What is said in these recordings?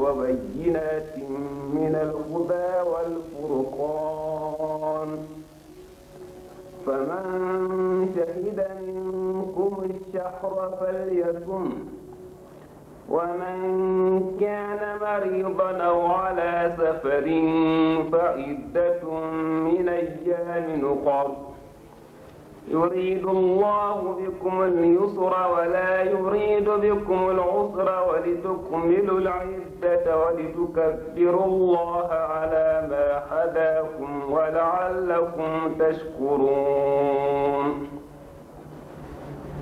وبينات من الهدى والفرقان فمن شهد منكم الشهر فليكن ومن كان مريضا أو على سفر فعدة من أيام نقر يريد الله بكم اليسر ولا يريد بكم العسر ولتكملوا العدة ولتكبروا الله على ما هداكم ولعلكم تشكرون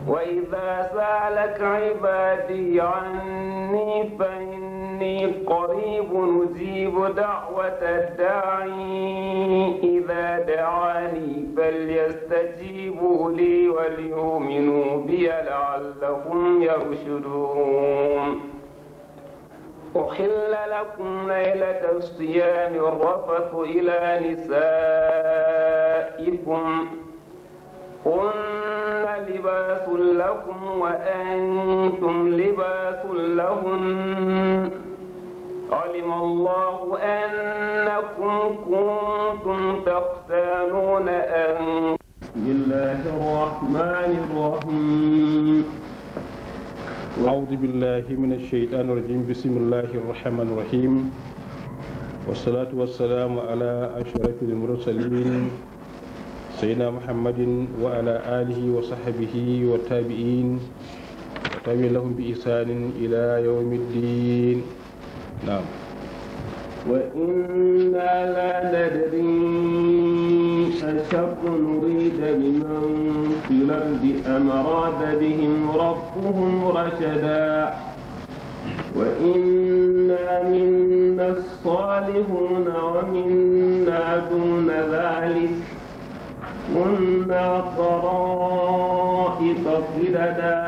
وإذا سألك عبادي عني فإن إني قريب أجيب دعوة الداعي إذا دعاني فليستجيبوا لي وليؤمنوا بي لعلهم يرشدون أحل لكم ليلة الصيام الرفث إلى نسائكم هن لباس لكم وأنتم لباس لهن علم الله أنكم كنتم تختانون أن بسم الله الرحمن الرحيم أعوذ بالله من الشيطان الرجيم بسم الله الرحمن الرحيم والصلاة والسلام على أشرف المرسلين سيدنا محمد وعلى آله وصحبه والتابعين وتابع لهم بإحسان إلى يوم الدين نعم وإنا لا ندري أشر نريد بمن في الأرض أم أراد بهم ربهم رشدا وإنا منا الصالحون ومنا دون ذلك كنا طرائق قددا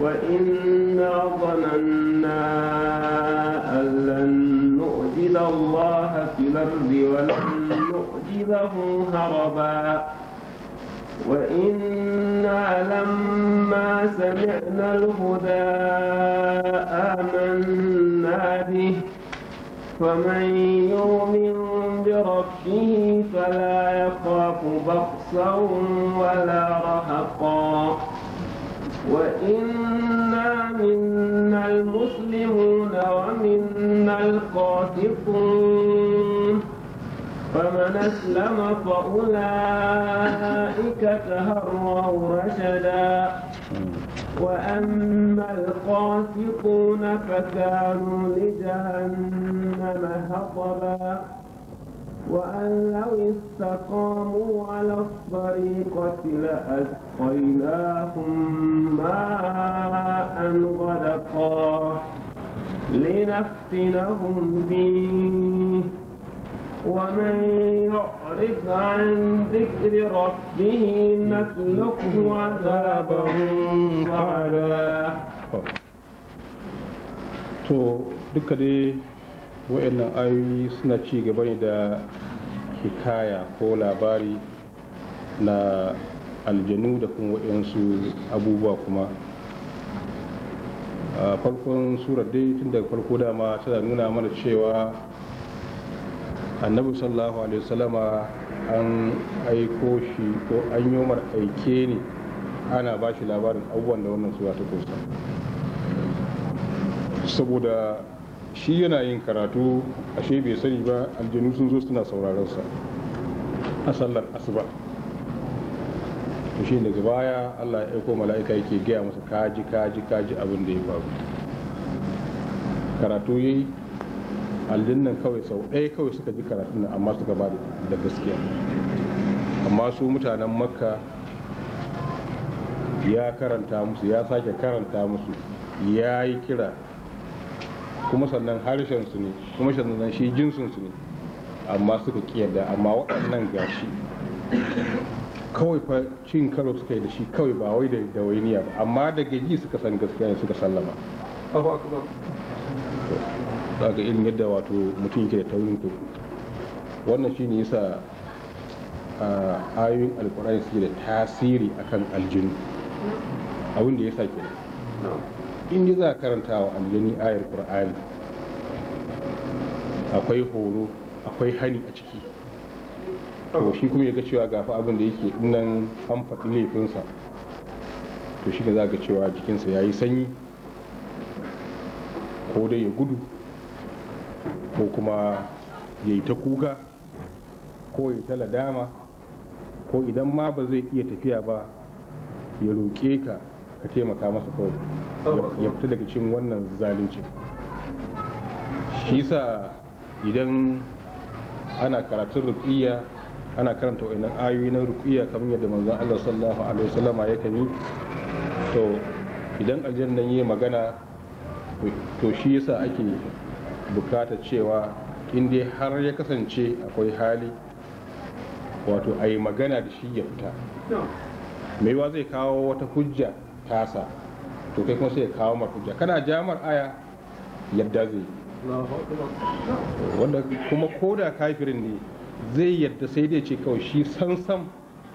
وإنا ظننا إلى الله في الأرض ولن نؤت هربا وإنا لما سمعنا الهدى آمنا به فمن يؤمن بربه فلا يخاف بخسا ولا رهقا وإنا منا المسلمون ومنا القاسطون فمن أسلم فأولئك تهروا رشدا وأما القاسطون فكانوا لجهنم هطبا وأن لو استقاموا على الطريقة لأسقيناهم ماء غدقا لنفتنهم فيه ومن يعرف عن ذكر ربه نسلكه عذابا صعدا wa'annan ayoyi suna ci gaba ne da hikaya ko labari na aljanu da kuma wayansu abubuwa kuma a farkon surar dai tun daga farko dama tana nuna mana cewa annabi sallallahu alaihi wasallama an aiko shi ko an yi aike ne ana ba shi labarin abubuwan da wannan suwa ta kusa saboda shi yana yin karatu ashe bai sani ba aljanu sun zo suna sauraron sa a sallar asuba to shi daga baya Allah ya aiko mala'ika yake gaya masa kaji kaji kaji abin da ya faru karatu yi aljannan kawai sau ɗaya kawai suka ji karatun amma suka ba da gaskiya amma su mutanen makka ya karanta musu ya sake karanta musu ya yi kira kuma sannan harshen su ne kuma sannan shi jinsin su ne amma suka kiyarda amma waɗannan gashi kawai fa cin karo suka yi da shi kawai ba wai da dawainiya ba amma da ji suka san gaskiya ne suka sallama daga irin yadda wato mutum yake da taurin ku. wannan shi shine yasa ayoyin alkur'ani suke da tasiri akan aljinu abin da sa kenan in za a karanta wa aljani ayar qur'ani akwai horo akwai hani a ciki to shi kuma ya ga cewa gafi abin da yake nan an faɗi laifinsa to shi za ga cewa jikinsa ya yi sanyi ko dai ya gudu ko kuma ya yi ta kuka ko ya ta ladama ko idan ma ba zai iya tafiya ba ya roƙe ka ka taimaka masa kawai ya fita daga cin wannan zalunci shi sa idan ana karatun rukiya ana karanta wa'annan ayoyi na rukiya kamar yadda manzon Allah sallallahu alaihi wasallama ya yi to idan nan yi magana to shi yasa ake bukata cewa in dai har ya kasance akwai hali wato a yi magana da shi ya fita mewa zai kawo wata hujja tasa to kai kuma sai ya kawo marhujja kana jamar aya yadda zai wanda kuma koda kafirin ne zai yadda sai dai ce kawai shi sansan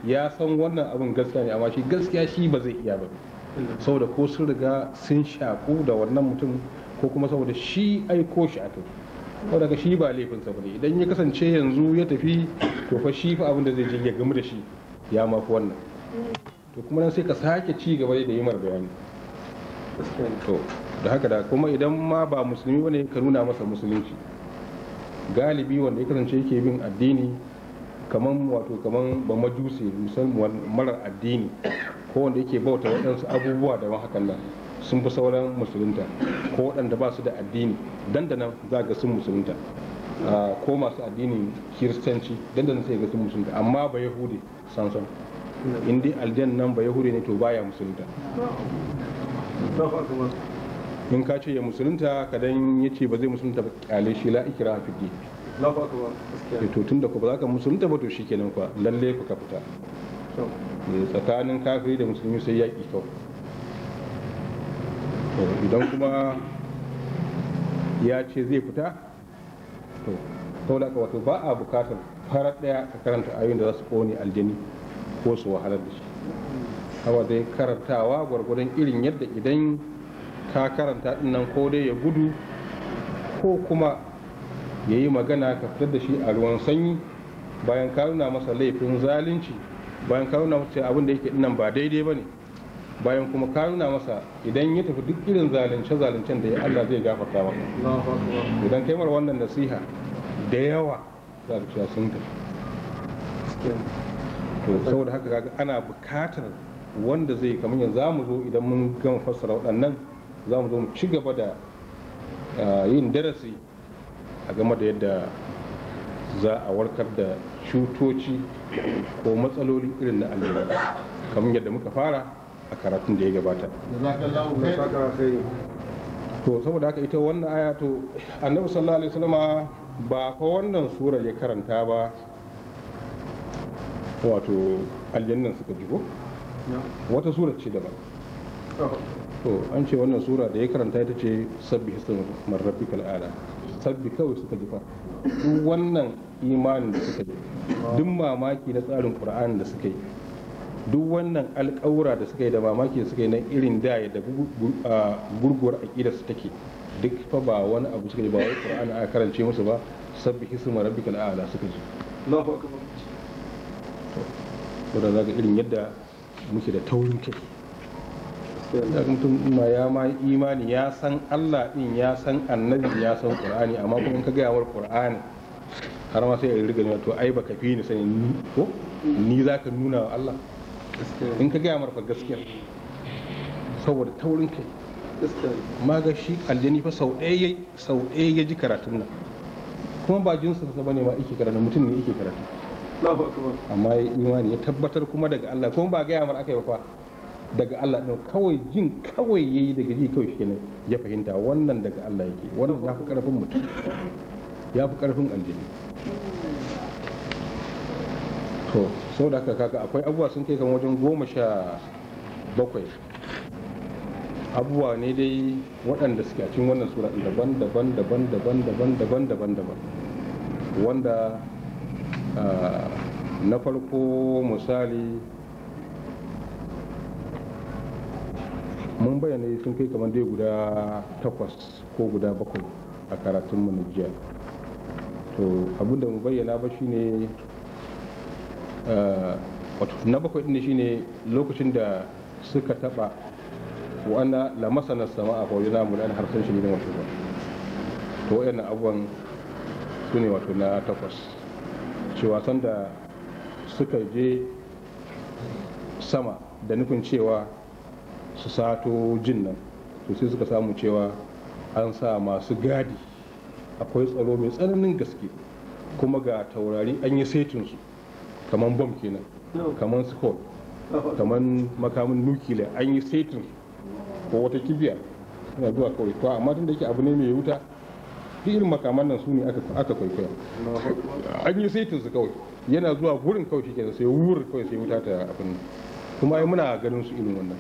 ya san wannan abin gaskiya ne amma shi gaskiya shi ba zai iya ba saboda ko sun riga sun shaku da wannan mutum ko kuma saboda shi aiko shi kai ko daga shi ba laifin sa bane idan ya kasance yanzu ya tafi to fa shi fa abin da zai je ya gamu da shi ya mafi wannan to kuma nan sai ka sake ci gaba da yi mar bayani to da haka da kuma idan ma ba musulmi bane ka nuna masa musulunci galibi wanda ya kasance yake bin addini kaman wato kaman ba majusi musulman marar addini ko wanda yake bauta waɗansu abubuwa da hakan nan sun fi sauran musulunta ko waɗanda ba su da addini dandanan za ga sun musulunta ah, ko masu addinin kiristanci dandanan sai ga sun musulunta amma ba yahudi sansan Indi aljan nan ba hure ne to baya musulunta in ka ce ya musulunta kadan ya ce ba zai musulunta ba kyale shi la ikira a fiddi eh, to tun da ku ba za ka musulunta ba to shi kenan kuwa lalle ku ka fita eh, tsakanin kafiri da musulmi sai yaƙi kawai idan kuma ya ce zai fita to saboda wato ba a bukatar farar ɗaya ka karanta ayoyin da za su kone aljani ko su wahalar da shi hawa dai karantawa gwargwadon irin yadda idan ka karanta dinnan ko dai ya gudu ko kuma ya yi magana ka fitar da shi a ruwan sanyi bayan ka masa laifin zalunci bayan ka nuna masa abin da yake dinnan ba daidai ba ne bayan kuma ka masa idan ya tafi duk irin zalunce-zaluncen da ya Allah zai gafata maka idan kai mar wannan nasiha da yawa za sun tafi to saboda haka kaga ana bukatar wanda zai kamar yanzu za mu zo idan mun gama fassara waɗannan za mu zo mu ci gaba da eh, yin darasi a game da yadda za a warkar da cutoci ko matsaloli irin na allura kamar yadda muka fara a karatun da ya gabata to saboda haka ita wannan aya annabi sallallahu alaihi wasallama ba fa wannan surar ya karanta ba wato aljannan suka jigo wata sura ce daban oh. to an ce wannan sura da ya karanta ita ce sabbi hisn marrabbikal ala sabbi kawai suka jifa duk wannan imanin da suka yi duk mamaki na tsarin qur'ani da suka yi duk wannan alƙawura da suka yi da mamaki da suka yi na irin da ya da gurguwar aƙidar su take duk fa ba wani abu suka yi ba wai qur'ani aka karance musu ba sabbi hisn marrabbikal ala suka ji Allahu akbar saboda za ka irin yadda muke da taurin kai da mutum ma ya ma imani ya san Allah din ya san annabi ya san Qur'ani amma kuma ka gaya war Qur'ani har ma sai ya riga ne to ai baka fi ni sani ni ko ni zaka nuna wa Allah in ka gaya marfa gaskiya saboda taurin kai ma ga shi aljani fa sau ɗaya sau ɗaya ya ji karatun nan kuma ba jinsin sa ne ma yake karatu mutum ne yake karatu amma ya imani ya tabbatar kuma daga Allah kuma ba gaya mar aka yi ba daga Allah ɗin kawai jin kawai yi daga ji kawai shi ne ya fahimta wannan daga Allah yake wannan ya fi ƙarfin mutum ya fi ƙarfin aljini to sau da kaka akwai abubuwa sun kai kan wajen goma sha bakwai abubuwa ne dai waɗanda suke a cikin wannan sura daban daban daban daban daban daban daban daban wanda Ah, na farko misali mun bayyana sun kai kamar dai guda takwas ko guda bakwai a karatun na to abinda mu bayyana ba shine ne ah, na bakwai din shine lokacin da suka taba wanda la masana sama a kwayo na mulan harsan shi ne wato ba to wayannan abubuwan su ne wato na takwas cewa sanda suka je sama da nufin cewa su sato jin nan to sai suka samu cewa an sa masu gadi akwai tsaro mai tsananin gaske kuma ga taurari an yi saitinsu kamar bom kenan kamar skull kamar makamin nukiliya an yi saitin ko wata kibiya na zuwa kawai to amma tun da yake abu ne mai wuta duk irin makaman nan su ne aka kwaikwaya an yi saitin su kawai yana zuwa wurin kawai kenan sai wur kawai sai wuta ta abin kuma ai muna ganin su irin wannan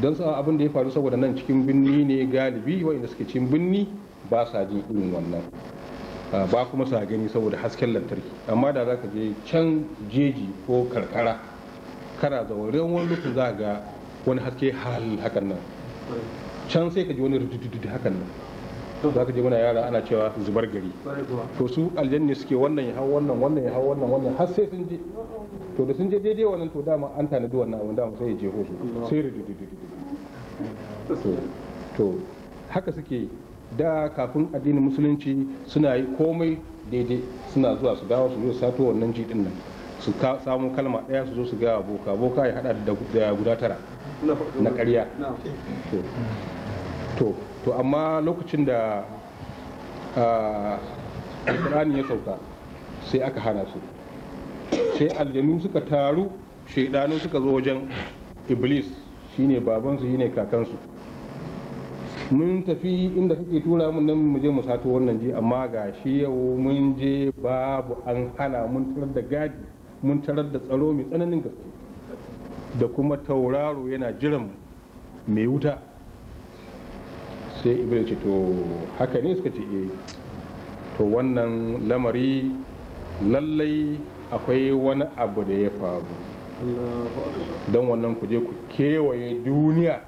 don sa abin da ya faru saboda nan cikin binni ne galibi wanda suke cikin binni ba sa jin irin wannan ah, ba kuma sa gani saboda hasken lantarki amma da za ka je can jeji ko karkara kana zauren wani lokacin za ga wani haske hal hakan nan can sai ka ji wani rududu hakan nan za ka je muna yara ana cewa zubar gari to su aljanni suke wannan ya hau wannan wannan ya hau wannan wannan har sai sun je to da sun je daidai wannan to dama an tanadi wannan na wanda sai ya je su sai ridididididu to haka suke da kafin addinin musulunci suna yi komai daidai suna zuwa su dawo su zo sato wannan din nan su samu kalma daya su zo su ga boka boka ya hada da guda tara na ƙarya to to amma lokacin da ah, alkur'ani ya sauka sai aka hana su sai aljanu suka taru shaidanu suka zo wajen iblis shine babansu shine kakansu mun tafi inda kake tura mun nan mu je mu sato wannan ji amma ga shi yau mun je babu an hana mun tarar da gadi mun tarar da tsaro mai tsananin gaske da kuma tauraro yana jiran mai wuta sai ibn ce to haka ne suka ce e to wannan lamari lallai akwai wani abu da ya faru don wannan ku je ku kewaye duniya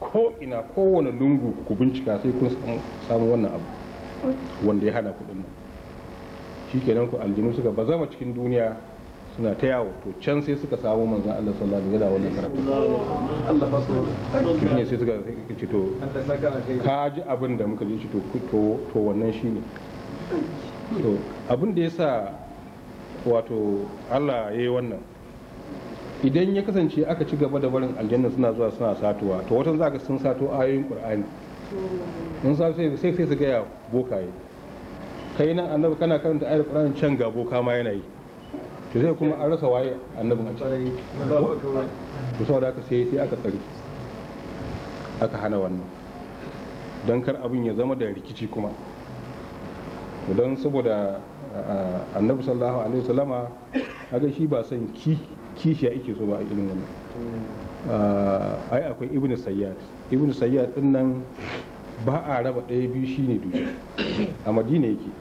ko ina kowane lungu ku bincika sai kun samu wannan abu wanda ya hana kudin shi kenan ku aljinu suka zama cikin duniya suna ta yawo to can sai suka samu manzan Allah sallallahu alaihi wasallam wannan karatu Allah fasu ne sai suka ce to ka ji abin da muka ji shi to to wannan shine to abin da yasa wato Allah ya yi wannan idan ya kasance aka ci gaba da barin aljanna suna zuwa suna satuwa to watan za ka sun sato ayoyin qur'ani in sa sai sai su ga bokaye kai nan annabi kana karanta ayar qur'ani can ga boka ma yana yi to sai kuma an rasa waye annabin a ciki kusa da aka sai sai aka tsari aka hana wannan don kar abin ya zama da rikici kuma don saboda annabi sallallahu alaihi wasallama ga shi ba son kishi a so ba a wani, wannan ai akwai Ibn sayyad Ibn sayyad din nan ba a raba ɗaya biyu shine dushe a madina yake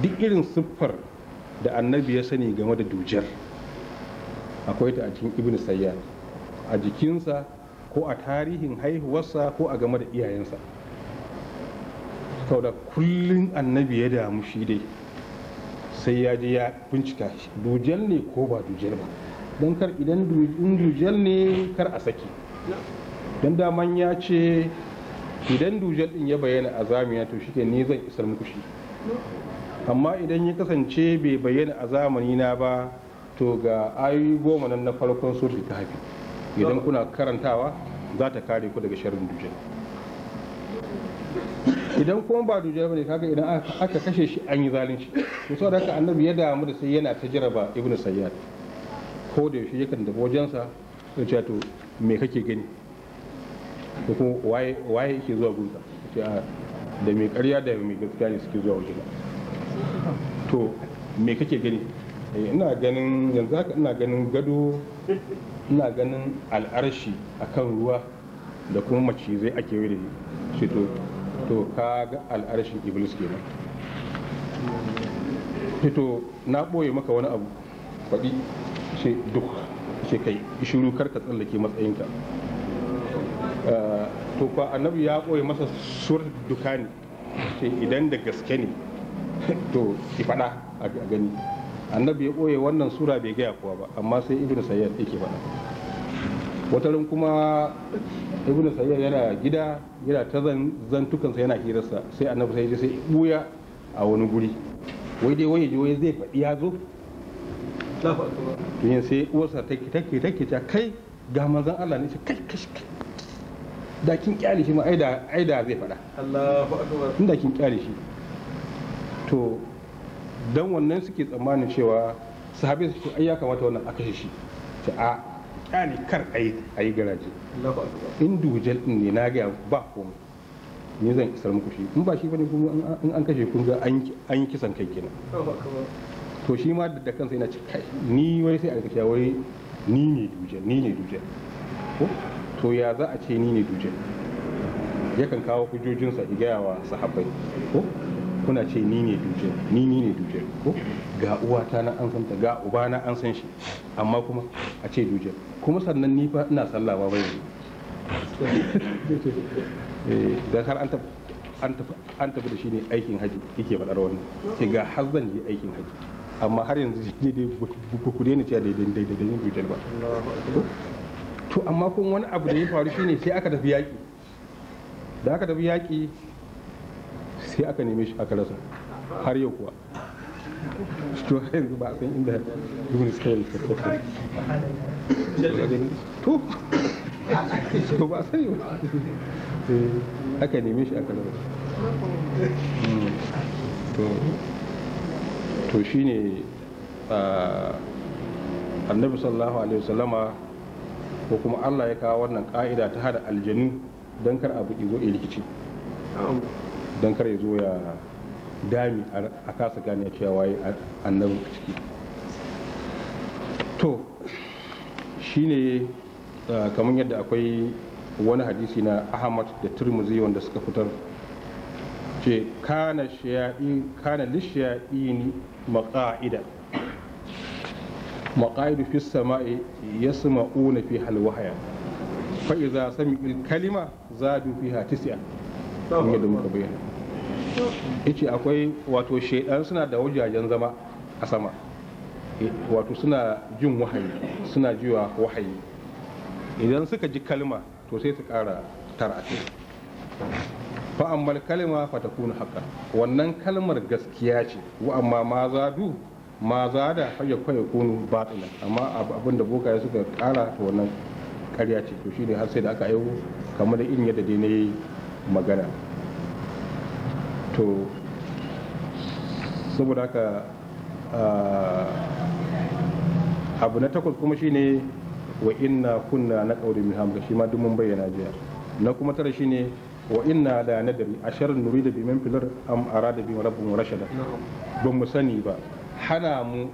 duk irin siffar da annabi ya sani game da dujar akwai ta a cikin ibn sayyad a jikinsa ko a tarihin haihuwarsa ko a game da iyayensa da kullum annabi ya damu shi dai sai ya je ya bincika shi ne ko ba dujal ba don kar idan dujel ne kar a saki don daman ya ce idan dujal din ya bayyana a zamiya to shike ne zan isar muku shi amma idan ya kasance bai bayyana a zamani na ba to ga ayoyi goma nan na farkon ta hafi idan kuna karantawa za ta kare ku daga sharrin dujjal idan kuma ba dujjal bane kaga idan aka kashe shi an yi zalunci to saboda haka annabi ya damu da sai yana ta jaraba ibnu sayyad ko da yaushe yakan tafi wajensa ya ce to me kake gani ko kuma waye yake zuwa gunsa da mai karya da mai gaskiya ne suke zuwa wajensa to me kake gani eh, ina ganin yanzu haka ina ganin gado ina ganin al'arshi akan ruwa da kuma macizai a kewaye da shi to to ka ga al'arshin iblis kenan to na ɓoye maka wani abu faɗi shi duk shi kai shiru kar ka tsallake matsayinka eh, to fa annabi ya ɓoye masa sur dukani idan da gaske ne to ki faɗa a gani annabi ya ɓoye wannan sura bai gaya kuwa ba amma sai ibn ya yake faɗa wataran kuma ibn sayyar yana gida yana ta zantukansa yana hirarsa sai annabi sai sai buya a wani guri wai dai wani wai zai faɗi ya zo yin sai uwarsa take take take ta kai ga manzon Allah ne kai kai kai da kin kyale shi ma ai da zai faɗa Allahu akbar kin da kin kyale shi to don wannan suke tsammanin cewa sahabai su ce ai ya kamata wannan a kashe shi ta a kyale kar a yi garaje in dujal din ne na gaya ba komai ne zan isar muku shi in ba shi bane kuma in an kashe kun ga an yi kisan kai kenan to shi ma da kansa yana cika ni wai sai a ga shawari ni ne duje ni ne ko to ya za a ce ni ne dujal yakan kawo hujjojinsa ya wa sahabbai ko kuna ce ni ne duje ni ni ne duje ko ga uwata na an santa ga uba na an san shi amma kuma a ce duje kuma sannan ni fa ina sallah ba eh da har an tafi an tafi da shi ne aikin haji yake faɗar wani ce ga har zan yi aikin haji amma har yanzu ne dai ku daina cewa daidai daidai daidai duje ba to amma kuma wani abu da ya faru shine sai aka tafi yaki da aka tafi yaƙi sai aka neme shi aka rasa har yau kuwa to yanzu ba san inda ibn suka ke tafi to to ba sai eh, aka neme shi aka rasa hmm. to shi ne annabi sallallahu alaihi wasallama ko kuma Allah ya kawo wannan ka'ida ta hada aljanu don kar abu izo ya rikici don kar ya zo ya dami a kasa gane cewa waye annabi ciki to shine kamar yadda akwai wani hadisi na ahmad da turmuzi wanda suka fitar ce kana ni maƙa'ida maƙa'idu fi sama'i ya 'Una fi halwahaya fa'iza sami kalima zadu fi hatisiya yadda muka bayyana yace akwai wato shaidan suna da wajajen zama a sama eh, wato suna jin wahayi suna jiwa wahayi idan suka ji kalma to sai su kara tara ce fa ammal kalma fa takunu haka wannan kalmar gaskiya ce wa amma ma zadu ma zada fa ya kai kunu batila amma abinda da bokaye suka kara to wannan karya ce to shine har sai da aka aiwo kamar da ya yadda dai na yi magana to saboda haka abu na takwas kuma shine wa inna kunna na ƙauri min hamza shi ma mun bayyana jiya na kuma tara shine wa inna la a asharin nuri da bimin filar am arada bi rabbun rashada don mu sani ba hana mu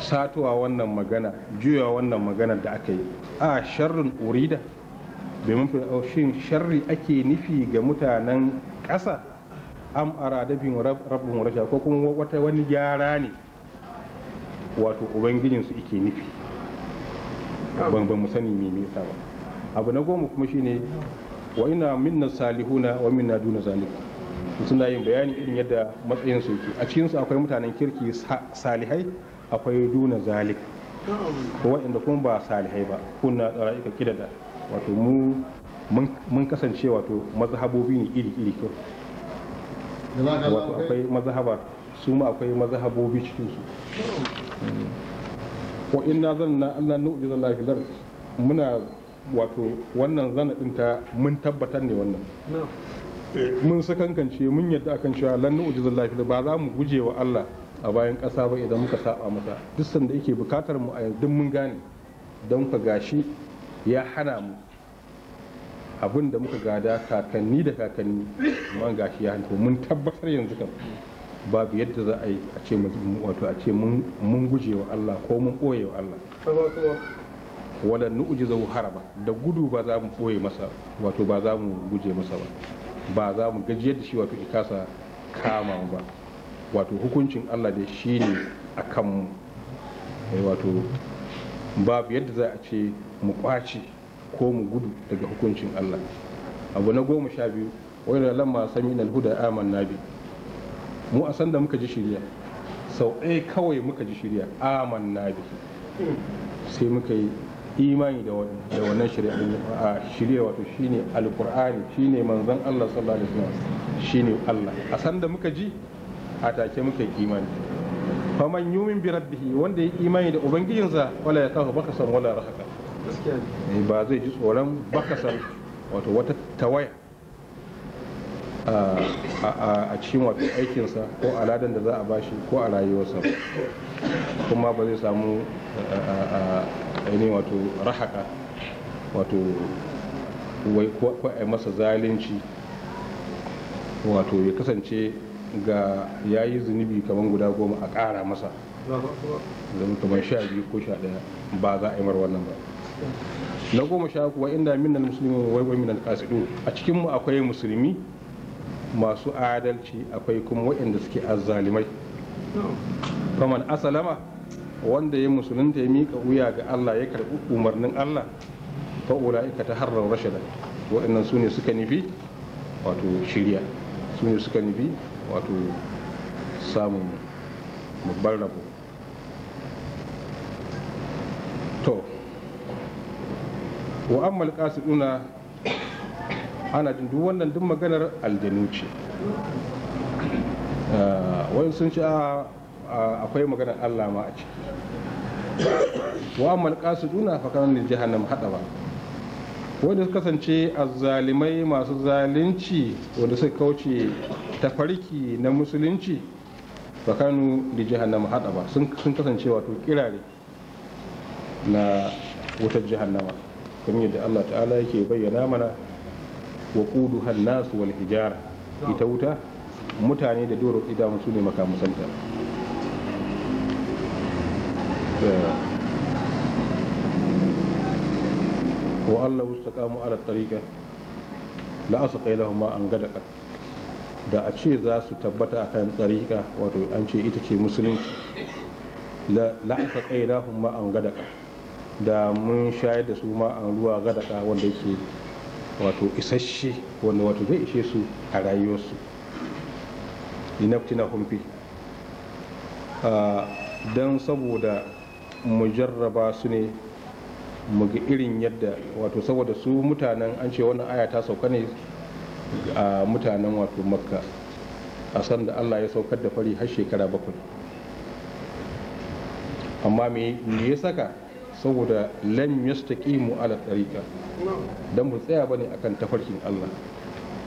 satuwa wannan magana juya wannan magana da aka yi a sharrin urida da min filar shin sharri ake nufi ga mutanen ƙasa am arada bihim rasha ko kuma wata wani gyara ne wato su ike nufi ban ba mu sani me nisa ba abu na goma kuma shine wa ina minna salihuna wa minna duna zalika suna yin bayani irin yadda matsayin su yake a cikin su akwai mutanen kirki salihai akwai duna zalik ko waɗanda kuma ba salihai ba kunna tsara'ika kidada wato mu mun kasance wato mazhabobi ne iri iri kawai wato akwai mazhaba su ma akwai mazhabobi cikin su wa zan zanna Allah nu'ji zalla muna wato wannan zana din ta mun tabbatar ne wannan mun sakankance mun yadda akan cewa lan nu'ji zalla ba za mu guje wa Allah a bayan ƙasa ba idan muka saba masa duk sanda yake bukatar mu a yanzu mun gane don ka gashi ya hana mu abin da muka gada kakanni da kakanni man gashi ya hanto mun tabbatar yanzu kan babu yadda za a yi a ce wato a ce mun guje wa Allah ko mun ɓoye wa Allah wala nu'ji zau haraba da gudu ba za mu ɓoye masa wato ba za mu guje masa ba ba za mu gajiyar da shi wato ikasa kama ba wato hukuncin Allah da shi ne a mu? Eh, wato babu yadda za a ce mu ƙwace ko mu gudu daga hukuncin Allah abu na goma sha biyu da lamma sami na huda amana bi mu a sanda muka ji shirya sau ɗaya kawai muka ji shirya amana bi sai muka yi imani da wannan shirya a shirya wato shine alkur'ani shine manzon Allah sallallahu alaihi wasallam shine Allah a sanda muka ji a take muka yi imani faman yumin bi rabbihi wanda ya imani da ubangijinsa wala ya kafa bakasan wala rahaka Eh, ba zai ji tsoron bakasar wato wata tawaya a cikin wato aikinsa ko aladan da za a bashi ko a rayuwarsa kuma ba zai samu ainihin wato rahaka wato wai ko a masa zalunci wato ya kasance ga ya yi zunubi kamar guda goma a ƙara masa zama kamar sha biyu ko sha ɗaya ba za a yi mar wannan ba na goma sha kuwa inda minnan musulmi wai wai minnan kasidu a cikin mu akwai musulmi masu adalci akwai kuma waɗanda suke azzalimai faman asalama wanda ya musulunta ya miƙa wuya ga Allah ya karɓi umarnin Allah fa ulaika taharraw rashada waɗannan su ne suka nufi wato shirya su ne suka nufi wato samun babban rabo wa ammal qasiduna ana jin duk wannan duk maganar aljanu ce ah, wani sun ci ah, ah, akwai maganar Allah ma a ciki wa ammal qasiduna fa kana lil haɗa ba wanda suka kasance zalimai masu zalunci wanda suka kauce tafarki na musulunci fa kanu li jahannam ba sun kasance wato kirare na wutar jahannama kamar yadda Allah ta'ala yake bayyana mana wa kudu an wal hijara ita wuta mutane da doro idanu su ne makamusanta eh. wa Allah wastaqamu ala tariqa la asqailahum ma an gadaka da a ce za su tabbata a kan tariqa wato an ce ita ce musulunci la la asqailahum ma an gadaka da mun shayar da su ma a ruwa gadaka wanda yake wato isasshe wanda wato zai ishe su a rayuwarsu linaftina humfi ah, don saboda mu jarraba su ne mu ga irin yadda wato saboda su mutanen an ce wannan aya ta sauka ne a mutanen wato makka a san da allah ya saukar da fari har shekara bakwai amma me ya saka saboda lam yastaqimu ala tariqa dan mu tsaya bane akan tafarkin Allah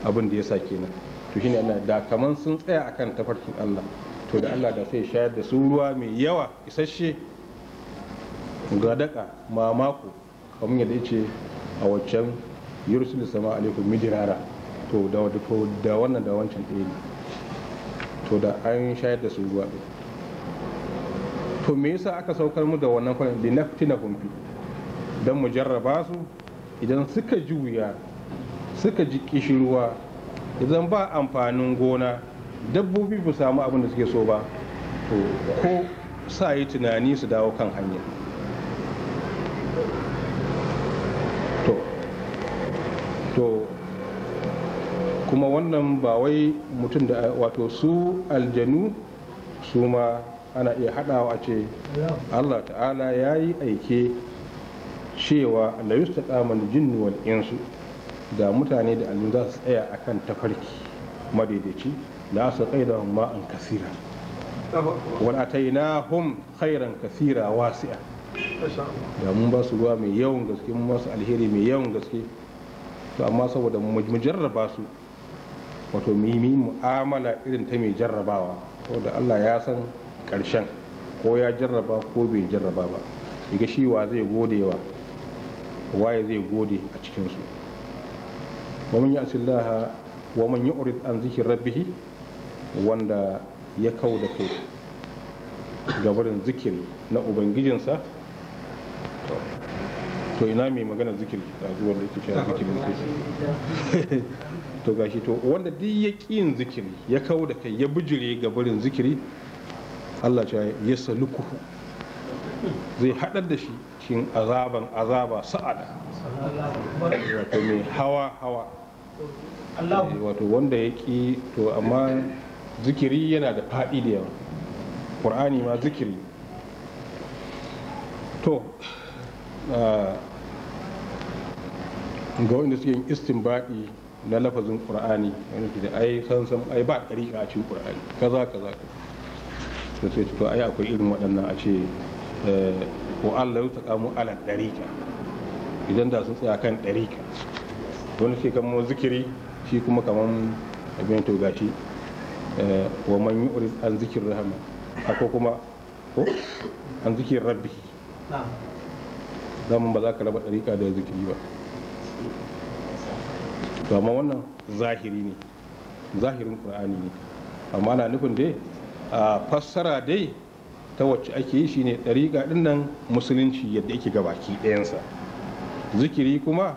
abin da yasa kenan to shine Allah da kaman sun tsaya akan tafarkin Allah to da Allah da sai shayar da su ruwa mai yawa isasshe ga daka mamako kamar yadda yace a waccan yursul sama alaikum midirara to da wannan da wancan ɗaya ne to da an shayar da su ruwa ɗaya to me yasa aka saukar mu da wannan kwanan da na kumfi don mu jarraba su idan suka ji wuya suka ji kishirwa idan ba amfanin gona dabbobi ba samu abin da suke so ba to ko sa yi tunani su dawo kan hanya to to kuma wannan ba wai mutum da wato su aljanu su ma ana iya haɗawa a ce allah ta'ala ya yi aike cewa la yustaqamul jinni wal da mutane da aljin za su tsaya akan tafarki madaidaici da su qaida hum ma'an kasira na hom khairan kasira wasi'a da mun ba su ruwa mai yawan gaske mun ba su alheri mai yawan gaske to amma saboda mu jarraba su wato mu yi mu'amala irin ta mai jarrabawa saboda Allah ya san ƙarshen ko ya jarraba ko bai jarraba ba daga shi wa zai gode wa waye zai gode a cikinsu mun yi asillaha mun yi urid an zikin rabbihi wanda ya kau da kai gabarin zikiri na ubangijinsa to ina mai magana zikiri a zuwan da yake cewa zikiri to gashi to wanda duk ya ƙi yin zikiri ya kau da kai ya bijire gabarin zikiri Allah ya ya salukuhu zai haɗar da shi cikin azaban azaba sa'ada wato mai hawa hawa eh, wato wanda ya ƙi to amma zikiri yana da faɗi da yawa ƙur'ani ma zikiri to ah, ga wanda suke yin istinbaɗi na lafazin ƙur'ani wani ke da ai san san ai ba ɗariƙa a cikin ƙur'ani kaza kaza kaza to sai to ai akwai irin waɗannan a ce eh, wa Allah ya mu ala dariqa idan da sun tsaya kan dariqa wani ke kamo zikiri shi kuma kaman abin to gashi eh, wa man yu'rid an zikir rahama akwai kuma ko an zikir rabbi zaman ba za ka raba dariqa da zikiri ba to amma wannan zahiri ne zahirin qur'ani ne amma ana nufin dai a fassara dai ta wacce ake yi shine ɗariƙa ɗin nan musulunci yadda yake gabaki ɗayansa zikiri kuma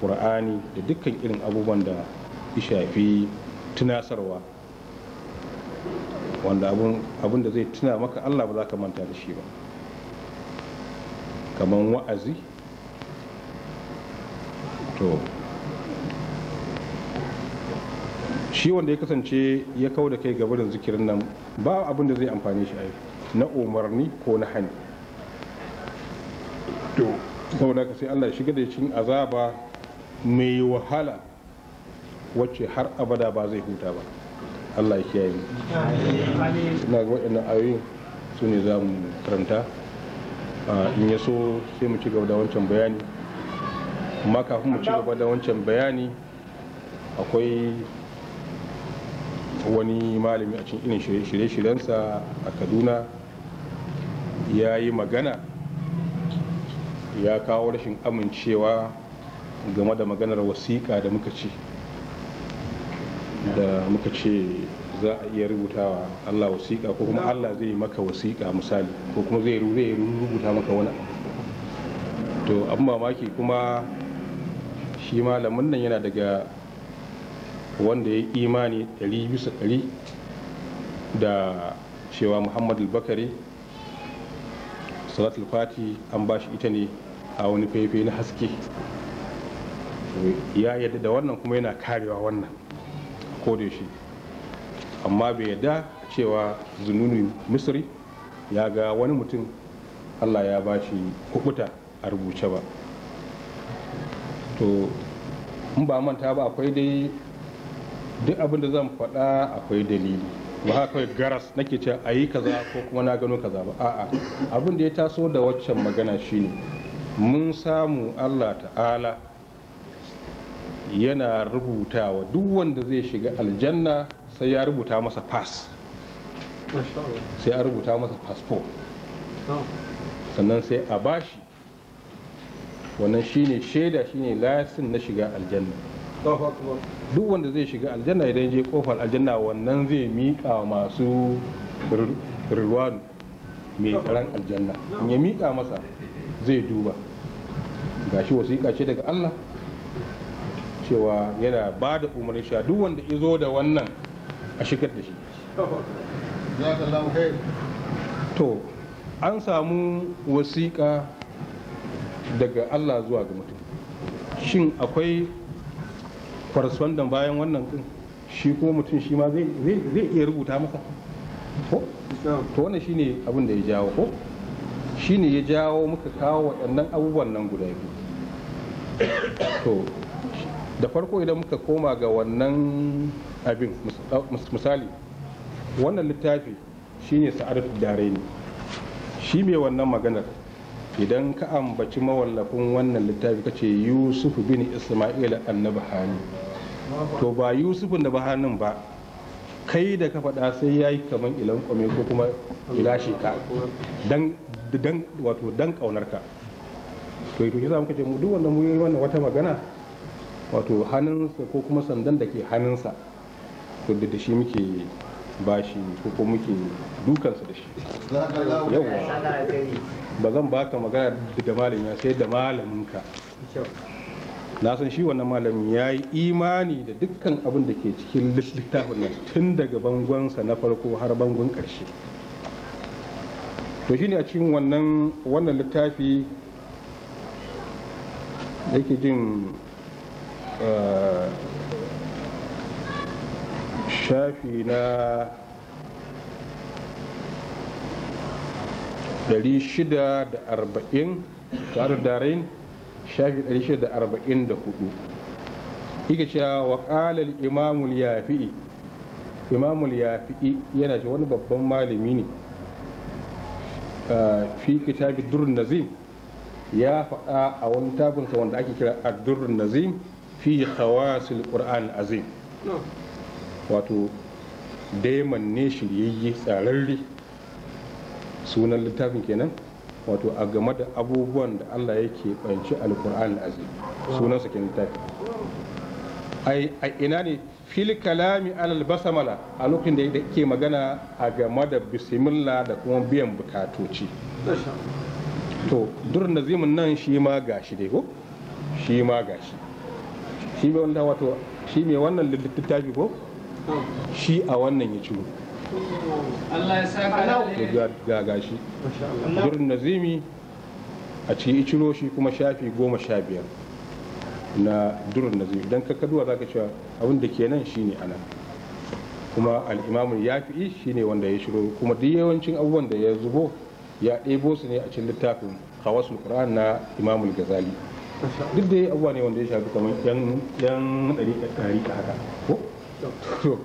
ƙur'ani da dukkan irin abubuwan da ya shafi tunasarwa wanda abun da zai tuna maka allah ba za ka manta da shi ba kamar wa'azi to shi wanda ya kasance ya kawo da kai wurin zikirin nan ba abin da zai amfani shi ai na umarni ko na hani to saboda ka sai Allah shiga da cikin azaba mai wahala wacce har abada ba zai huta ba Allah ya kiyaye mu na ga waɗannan ayoyin su ne za mu karanta in ya so sai mu ci gaba da wancan bayani amma kafin mu ci gaba da wancan bayani akwai wani malami a cikin irin shirye-shiryensa a kaduna ya yi magana ya kawo rashin amincewa game da maganar wasiƙa da muka ce da muka ce za a iya rubutawa Allah wasiƙa ko kuma Allah zai maka wasiƙa misali ko kuma zai rubuta maka wani to abin mamaki kuma shi malamin nan yana daga wanda ya imani ɗari bisa ɗari da cewa muhammadu bakari salatul fati an ba shi ita ne a wani faifai na haske ya yadda da wannan kuma yana karewa wannan shi amma bai yadda cewa zununi misri ya ga wani mutum allah ya ba shi kubuta a rubuce ba to in ba manta ba akwai dai duk abin da zan faɗa akwai dalili ba haka garas nake cewa a yi kaza ko kuma na gano kaza ba a'a abin da ya taso da waccan magana shine mun samu allah ta'ala yana rubutawa duk wanda zai shiga aljanna sai ya rubuta masa pass sai ya rubuta masa fasfo sannan sai a bashi wannan shine shaida shine lasin na shiga aljanna duk wanda zai shiga aljanna idan je kofar aljanna wannan zai miƙa masu rilwanu mai tsaron aljanna in ya miƙa masa zai duba Ga shi wasiƙa ce daga Allah cewa yana ba da umarni sha duk wanda ya zo da wannan a shigar da shi to an samu wasiƙa daga Allah zuwa ga mutum shin akwai correspondent bayan wannan din shi ko mutum shi ma zai iya rubuta masa ko to wannan shine abin da ya jawo ko shine ya jawo muka kawo waɗannan abubuwan nan guda biyu to da farko idan muka koma ga wannan abin ah, misali wannan littafi shine sa'adatu ne shi mai wannan maganar idan ka ambaci mawallafin wannan littafi kace yusufu bin isma'il annabhani to ba Yusufin da bahanin ba kai da ka faɗa sai ya yi kamar ilan kwame ko kuma ilashe ka dan wato dan ƙaunarka to yi tuki za mu kace mu duk wanda mu yi wannan wata magana wato hannunsa ko kuma sandan da ke hannunsa to da shi muke ba shi ko kuma muke dukansa da shi yawa ba zan baka magana da malamin sai da malaminka na san shi wannan malami ya yi imani da dukkan abin da ke cikin littafin nan tun daga bangonsa na farko har bangon ƙarshe to shi ne a cikin wannan wannan littafi yake jin eh, shafi na 640 tare da rain shafi 644 yake cewa wa qalal imamul yafi'i imamul yafi'i yana ce wani babban malami ne fi kitabi durrun nazim ya faɗa a wani tabinsa wanda ake kira ad-durrun nazim fi khawasil qur'an azim wato daiman ne shiryayye tsararri sunan littafin kenan wato a game da abubuwan da Allah yake banci alkur'an azim sunan sa kenan tafi ai a ina ne fil kalami alal basamala a lokacin da yake magana a game da bismillah da kuma biyan bukatoci to dur nazimin nan shi ma gashi dai ko shi ma gashi shi mai wanda wato shi mai wannan littattafi ko shi a wannan ya ciwo Allah ya saka ga durin nazimi a cikin iciro shi kuma shafi goma sha biyar na durin nazimi don ka kaduwa za ka cewa abin da ke nan shi ne anan kuma al'imamun ya fi shi ne wanda ya shiro kuma duk yawancin abubuwan da ya zubo ya ɗebo su ne a cikin littafin hawasul qur'an na imamul gazali duk da abubuwa ne wanda ya shafi kamar yan ɗari haka ko to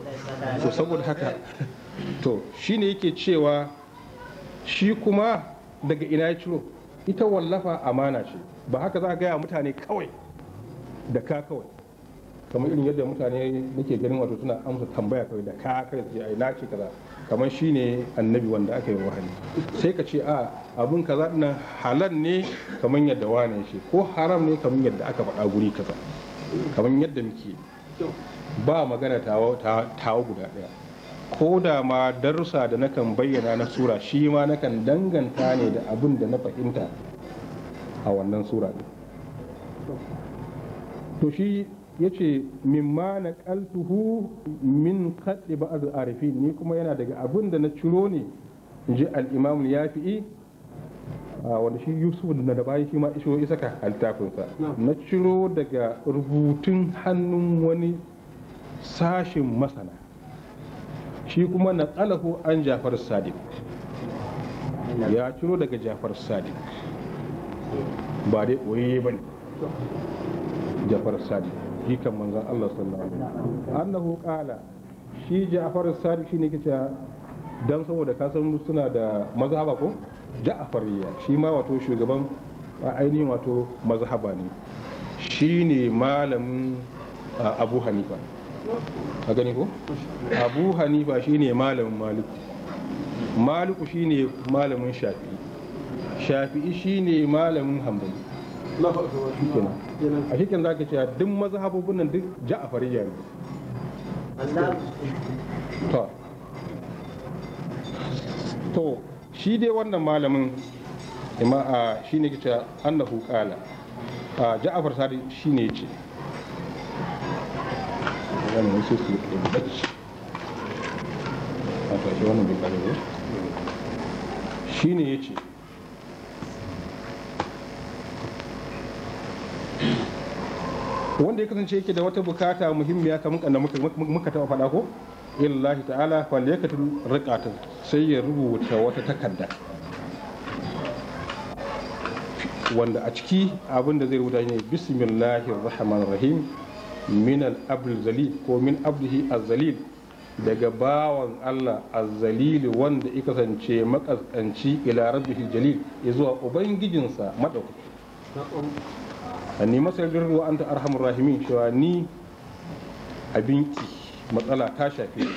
saboda haka to shi ne yake cewa shi kuma daga ina ya ciro ita wallafa amana ce ba haka za a gaya mutane kawai da ka kawai kamar irin yadda mutane nake ganin wato suna amsa tambaya kawai da ka kai su ai nace kaza kamar shine annabi wanda aka yi wahayi sai ka ce a abun kaza ina halal ne kamar yadda wane shi ko haram ne kamar yadda aka faɗa guri kaza kamar yadda muke ba magana tawo guda ɗaya ko da ma darussa da nakan bayyana na sura shi ma nakan danganta ne da abin da na fahimta a wannan sura to shi ya ce mimma na kaltuhu min katse ba arifi ni kuma yana daga abin da na ciro ne in ji al'imamun ya fi'i wanda shi yusuf na da bayan shi ma isho isa ka na ciro daga rubutun hannun wani sashin masana shi kuma na ƙalahu an jafar sadiq ya ciro daga jafar sadiq ba dai ɓoye ba ne jafar sadiq shi kan manzan Allah sallallahu alaihi annahu ƙala shi jafar sadiq shi ne cewa don saboda ka san suna da mazhaba ko ya shi ma wato shugaban ainihin wato mazhaba ne shi ne malamin ah, abu hanifa a gani ko abu hanifa shine malamin maliku maliku shine malamin shafi shafi'i shine malamin hambali a shikin za ka cewa duk mazhabobin nan duk ja'afariya ne to shi dai wannan malamin ima a shine ke cewa annahu qala a ja'afar sadi shine ce zama wasu su bacci a wannan shi ne ya ce wanda ya kasance yake da wata bukata muhimmiya kamar kanda muka taɓa faɗa ko illahi ta'ala falekatul riqatin sai ya rubuta wata takarda wanda a ciki abin da zai rubuta ne bismillahir rahmanir rahim min al-abdul zalil ko min abdihi az-zalil daga bawan Allah az-zalil wanda ya kasance makasanci ila rabbihil jalil zuwa ubangijinsa madaukaki ni masa yarda wa anta arhamur rahimin cewa ni abinki matsala ta shafe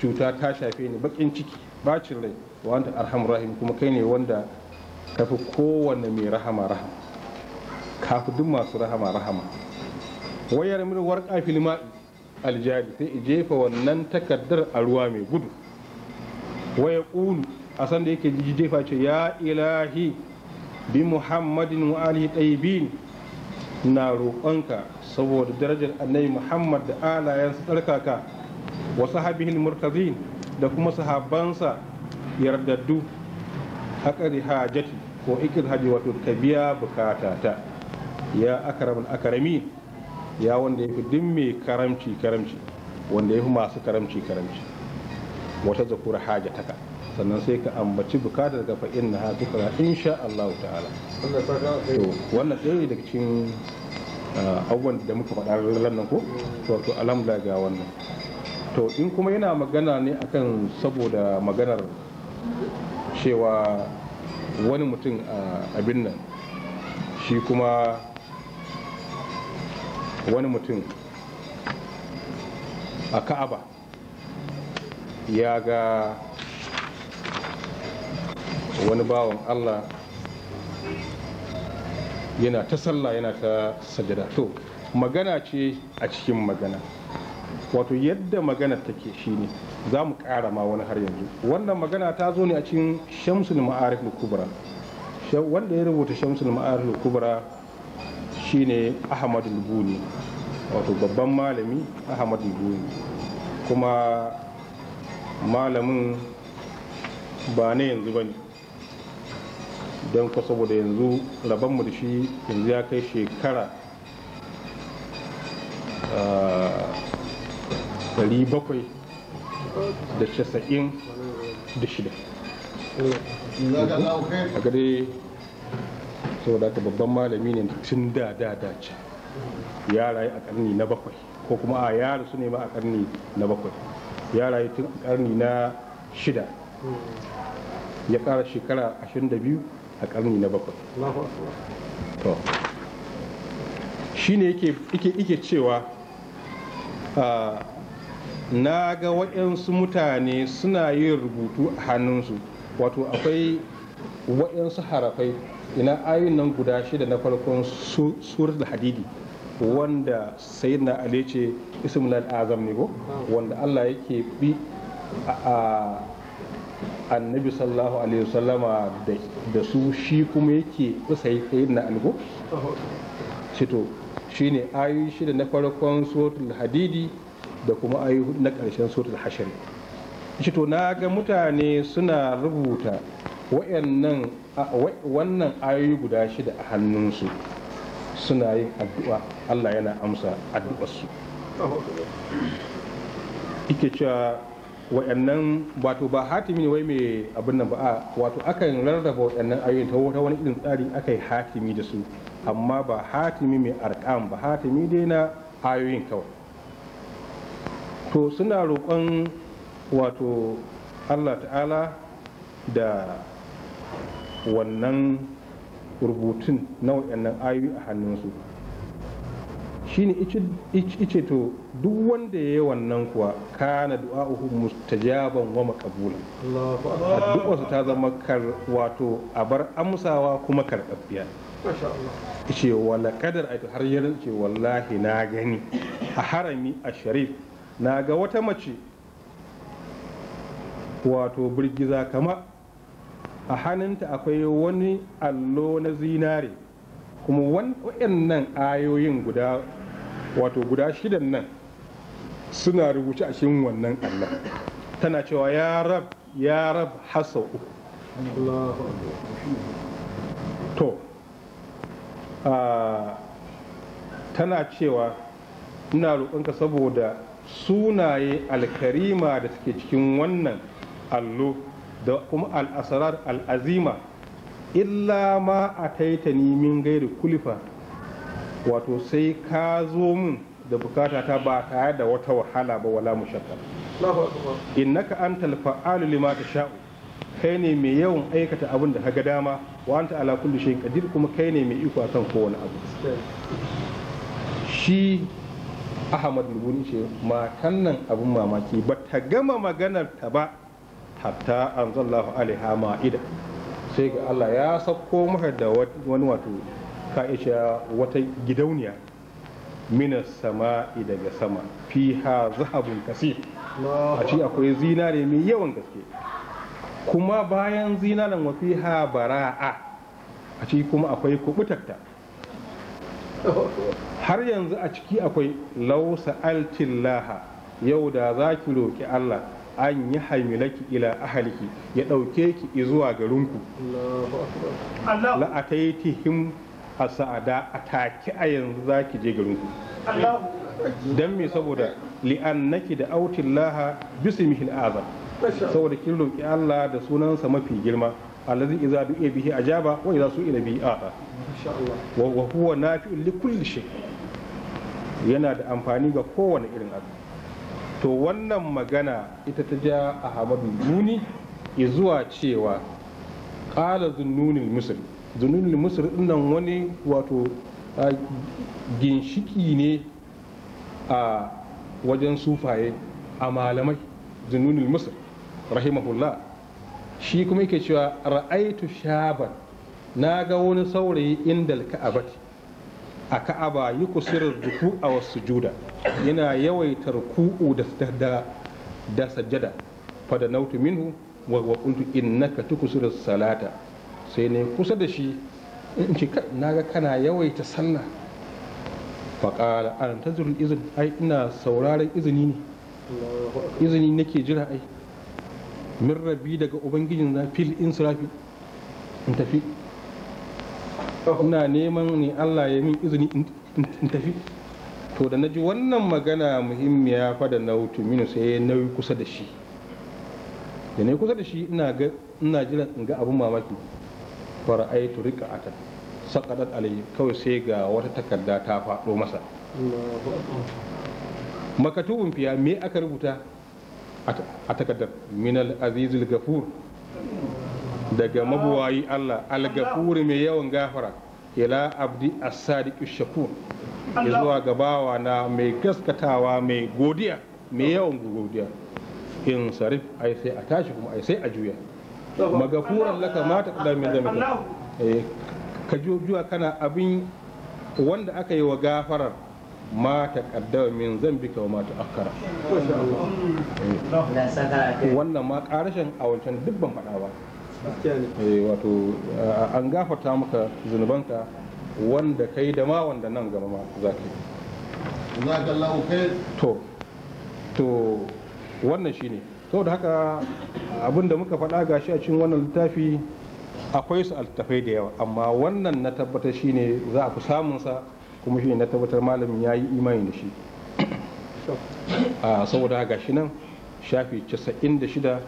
cuta ta shafe ni bakin ciki bacin rai wa anta arhamur rahim kuma kai ne wanda kafi kowanne mai rahama rahama kafi duk masu rahama rahama wayar min war kafin ma aljari sai i jefa wannan takardar a ruwa mai gudu waya ƙulu a san da yake jefa ce ya ilahi bi muhammadin wa alihi ɗaibin na roƙonka saboda darajar annabi muhammad da alayensa tsarkaka wa sahabihin murtazin da kuma sahabansa yardaddu haƙari hajati ko ikir hajji wato ka biya bukatata ya akaramin. akaramin ya wanda ya fi duk mai karamci karamci wanda ya fi masu karamci karamci wata zakura haja taka sannan sai ka ambaci bukatar ka fa'in na ha zukura insha Allah ta'ala wannan ɗaya daga cikin ah, abubuwan da muka faɗa nan ko to to alhamdulillah ga wannan to in kuma yana magana ne akan saboda maganar cewa wani mutum a ah, abin nan shi kuma wani mutum a ka'aba ya ga wani bawan allah yana ta sallah yana ta sajada to magana ce a cikin magana wato yadda magana take shine za mu ƙara ma wani har yanzu wannan magana ta zo ne a cikin shamsul ma'arif kubra wanda ya rubuta shamsul ma'arif kubra shine ahmad buni wato babban malami ahmad buni kuma malamin ba na yanzu ba ne don ko saboda yanzu rabonmu da shi yanzu ya kai shekara 796 a gare saboda haka babban malami ne tun da da da ce yara a karni na bakwai ko kuma a yara su ne ma a karni na bakwai yara tun a karni na shida ya kara shekara 22 a karni na bakwai to ne yake yake cewa na ga waɗansu mutane suna yin rubutu a hannunsu wato akwai waɗansu harafai ina ayin nan guda shida na farkon suratul hadidi wanda sayyidina ali ce ismul azam ne ko wanda Allah yake bi a annabi sallallahu alaihi wasallama da su shi kuma yake usai sayyidina ali ko to shine ayoyi shida na farkon suratul hadidi da kuma ayi na karshen suratul hashari shi to na ga mutane suna rubuta wannan ayoyi guda shida a hannunsu suna yin addu'a Allah yana amsa addu'arsu ike cewa waɗannan wato ba hatimi ne wai mai abin nan ba a wato akan rarraba waɗannan ayoyin ta wata wani irin tsari aka yi hatimi da su amma ba hatimi mai arƙam ba hatimi dai na ayoyin kawai to suna roƙon wato allah ta'ala da wannan rubutun na nan ayoyi a hannunsu shine ice to duk wanda ya yi wannan kuwa kana du'a'uhu mustajaban wa maqbulan addu'a su ta zama kar wato a bar amsawa kuma karɓaɓɓiya ce wala kadar aito har yaran ce wallahi na gani a harami a sharif na ga wata mace wato birgiza kama a hannunta akwai wani allo na zinare kuma nan ayoyin guda wato guda shidan nan suna rubuce a cikin wannan allon tana cewa ya rab ya rab hasa uku to tana cewa ina roƙonka saboda sunaye alkarima da suke cikin wannan allo da kuma al'asarar al'azima illa ma a taita min gairi kulifa wato sai ka zo mun da bukata ta ba tare da wata wahala ba wala mushakka innaka antal fa'alu lima tasha'u kai ne mai yawan aikata abin da haga dama wa anta ala kulli shay'in qadir kuma kai ne mai iko kan kowane abu shi ahmad rubuni ce matan nan abin mamaki ba ta gama maganar ta ba hatta an zallahu alaiha ma'ida sai ga Allah ya sauko maka da wani wato ka'isha wata gidauniya minas sama'i daga sama fi ha zahabun kasir a ci akwai zinare mai yawan gaske kuma bayan zinaren wa fi ha bara'a a ci kuma akwai kubutakta har yanzu a ciki akwai lausa altillaha yau da za ki roƙi Allah an yi haimilaki ila ahaliki ya ɗauke ki zuwa garinku la'ataitihim a sa'ada a take a yanzu za ki je garinku don me saboda li'annaki da autin laha mihi azam saboda kin roƙi Allah da sunansa mafi girma allazi idza du'a bihi ajaba wa idza su'ila bihi ata wa huwa nafi'un fi shay yana da amfani ga kowane irin abu to wannan magana ita ta ja ahmadu nuni zuwa cewa ƙala zununin musul zununin musul nan wani wato ginshiki ne a wajen sufaye a malamai zununin musul rahimahullah shi kuma yake cewa ra'aitu shaban na ga wani saurayi inda ka'abati a ka'aba yi kusirar ruku a wasu juda yana yawaitar ku'u da da sajjada fada nautu minhu wa wa kuntu innaka tukusirar salata sai ne kusa da shi in ce naga kana yawaita sallah faƙala a ta zurin izin ai ina sauraron izini ne izini nake jira ai min rabi daga ubangijin na fil in tafi ina neman ne Allah ya min izini in tafi to da na ji wannan magana muhimmiya fa da na wuce minu sai na yi kusa da shi da ne kusa da shi ina ga ina jira in ga abun mamaki fara'aitu rik'atan saqadat alayhi kawai sai ga wata takarda ta faɗo masa makatubun fiya me aka rubuta a takardar minal azizul gafur daga mabuwayi Allah algafuri mai yawan gafara ila abdi as shakur ya zuwa gabawa na mai gaskatawa mai godiya mai yawan godiya in sarif ai sai a tashi kuma ai sai a juya magafuran laka mata ta kada min zamika eh, ka juya kana abin wanda aka yi wa gafarar ma ta kaddama min zambika wa ma ta akara eh, wannan ma karashin a wancan dubban fadawa Eh, wato an gafarta maka zunubanka wanda kai da ma wanda nan gama ma za ka yi to to wannan ne saboda haka abinda muka faɗa gashi a cikin wannan littafi akwai su altafai da yawa amma wannan na tabbatar ne za a fi samunsa kuma shi ne na tabbatar malamin ya yi imani da shi saboda shi nan shafi 96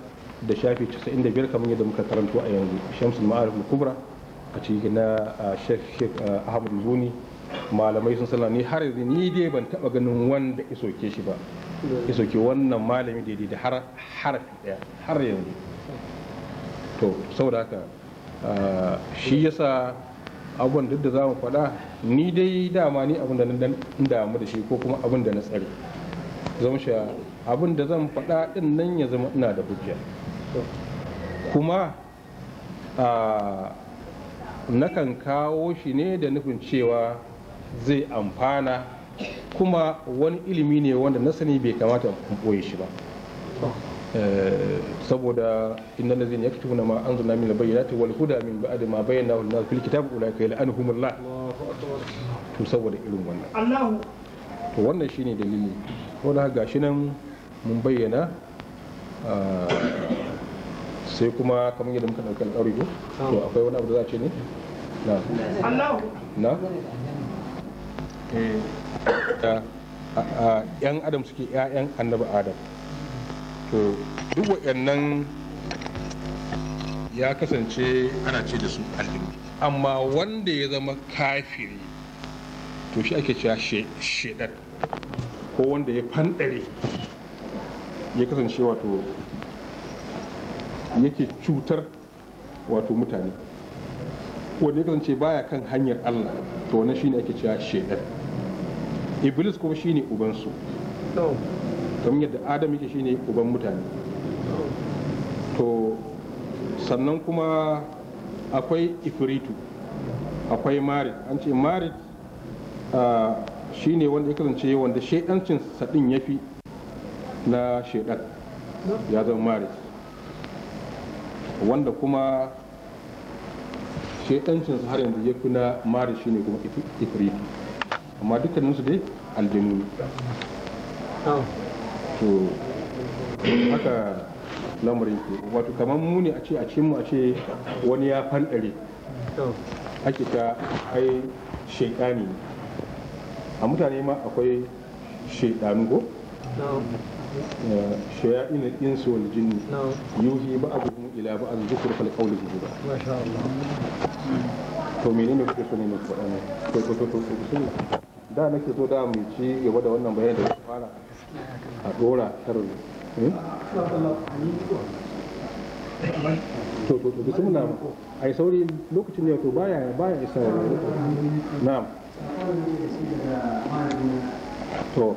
da shafi 95 kamar yadda muka karanto a yanzu shamsul ma'arif kubra a cikin na shek ahmad zuni malamai sun sana ni har yanzu ni dai ban taba ganin wanda isoke shi ba isoke wannan malami daidai da har harfi daya har yanzu to saboda haka shi yasa abun duk da zamu faɗa ni dai dama ni abun da na damu da shi ko kuma abun da na tsare zama sha abun da zan faɗa din nan ya zama ina da hujja kuma nakan kawo shi ne da nufin cewa zai amfana kuma wani ilimi ne wanda na sani bai kamata in ɓoye shi ba eh, saboda inna lazina yaktubuna ma anzalna min albayyinati wal huda min ba'di ma bayyanahu lin-nas fil kitab ulaika yal'anuhumullah to saboda irin wannan to wannan shine dalili wanda gashi nan mun bayyana sai kuma kamar yadda muka ɗauki alƙawari ko to akwai wani abu da za a ce ne na na eh, yan adam suke ƴaƴan annabi adam to duk waɗannan ya kasance ana ce da su aljanu amma wanda ya zama kafiri to shi ake cewa shedar ko wanda ya fanɗare ya kasance wato yake cutar wato mutane wanda ya kasance baya kan hanyar Allah to wannan shine ake cewa shaidan iblis kuma shine ubansu kamar yadda adam yake shine uban mutane to sannan kuma akwai ifiritu akwai marit an ce marit shine wanda ya kasance wanda shaidancin sadin ya fi na shaidan ya zama marit wanda kuma shaidancin su har yanzu ya fi na mari shi ne kuma ifriti amma dukkaninsu dai aljanu oh. to haka lamarin ke wato kamar muni a ce a mu a ce wani ya fanɗare oh. ta ai shaidani a mutane ma akwai shaidanu ko oh. شياطين الإنس والجن يوحي بعضهم إلى بعض ذكر فالقول جهدا ما شاء الله to menene kuke so ne mai faɗa to so da mu ci gaba da wannan bayani da fara a dora karin to to to sun na ai sauri lokacin ne to baya baya isa na'am to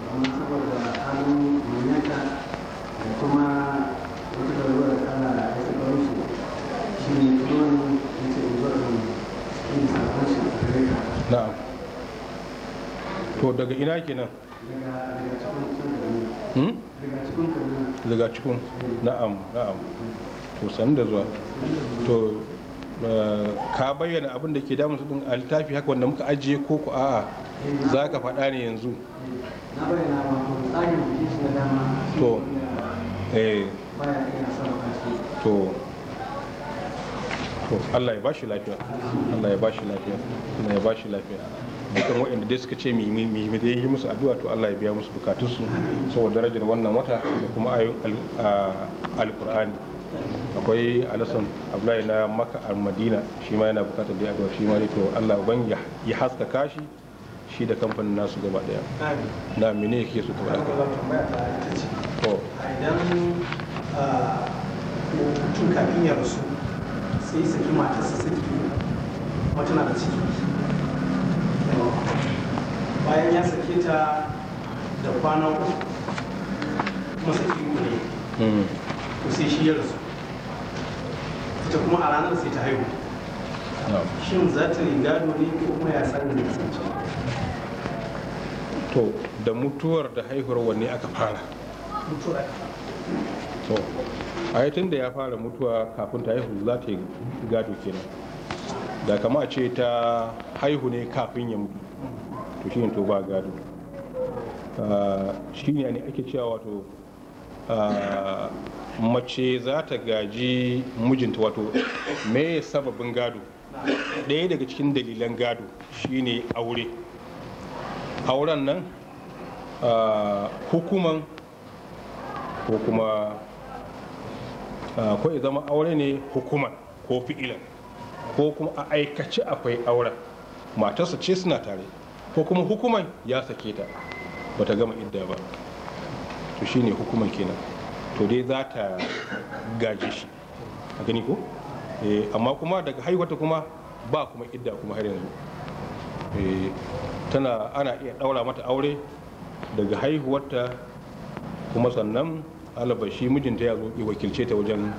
ke nan, hmm? daga cikin na'am na'am to san da zuwa to eh, ka bayyana abin da ke damun su din a littafi haka wanda muka ajiye ko ku a'a za ka faɗa ne yanzu to eh to to Allah ya ba. shi lafiya Allah ya bashi lafiya Allah ya bashi lafiya dukkan waɗanda dai suka ce mu dai yi musu addu'a to Allah ya biya musu bukatunsu saboda darajar wannan wata da kuma ayoyin alkur'ani akwai alasan abdullahi na maka al-madina shi ma yana bukatar da addu'a shi ma ne to Allah ban ya haskaka shi shi da kamfanin nasu gaba daya na mene yake su ta baka to idan mutum kafin ya rasu sai saki matarsa saki wata na da ciki bayan ya sake ta da kwana uku kuma saki uku ne ko hmm. sai shi ya rasu ita kuma a ranar sai ta haihu shin za ta riga ne ko kuma ya sani da kasance to da mutuwar da haihuwar wanne aka fara to a yi tun da ya fara mutuwa kafin ta haihu za ta yi gado kenan da kama ce ta haihu ne kafin ya mutu to shine to ba gado ah, shine ne ake cewa wato ah, mace za ta gaji mijinta wato me sababin gado ɗaya daga cikin dalilan gado shine aure auren nan ah, hukuman ko kuma kawai zama aure ne hukuman ko fi'ilan ko kuma a aikace akwai auren matarsa ce suna tare ko kuma hukuman ya sake ta bata gama idda ba to shine hukuman kenan to dai za ta gaje shi a gani ko eh, amma kuma daga haihuwarta kuma ba kuma idda kuma har yanzu eh, tana ana iya ɗaura mata aure daga haihuwarta kuma sannan alabashi mijinta ya zo wakilce ta wajen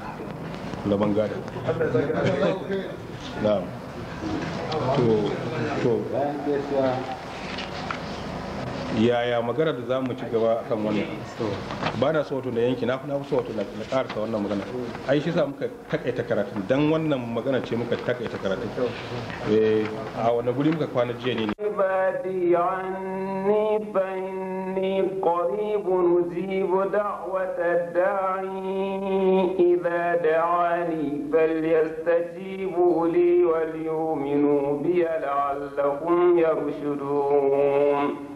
laban gada to to yaya magana da za mu ci gaba akan wannan ba na so da yanki na na so na karasa wannan magana ai shi sa muka takaita karatun dan wannan magana ce muka takaita karatu eh a wani guri muka kwana jiya ne ibadi anni fa inni qaribun ujibu da'wata da'i idha da'ani falyastajibu li wal yu'minu bi la'allahum yarshudun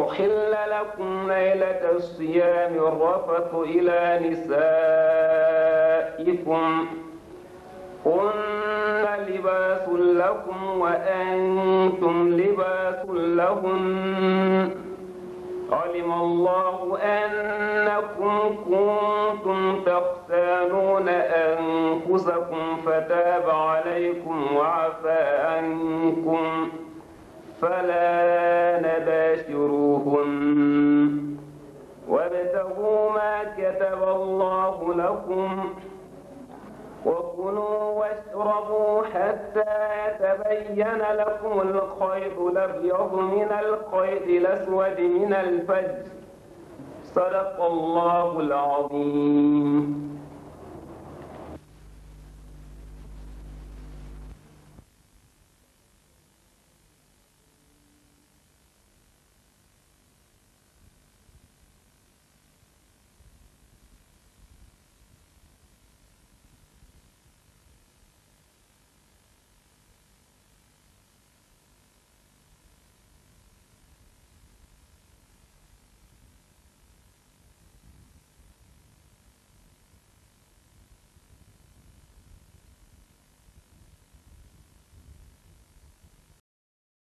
أحل لكم ليلة الصيام الرفث إلى نسائكم هن لباس لكم وأنتم لباس لهن علم الله أنكم كنتم تختانون أنفسكم فتاب عليكم وعفى عنكم فلا نباشروهن وابتغوا ما كتب الله لكم وكلوا واشربوا حتى يتبين لكم الخيط الابيض من الخيط الاسود من الفجر صدق الله العظيم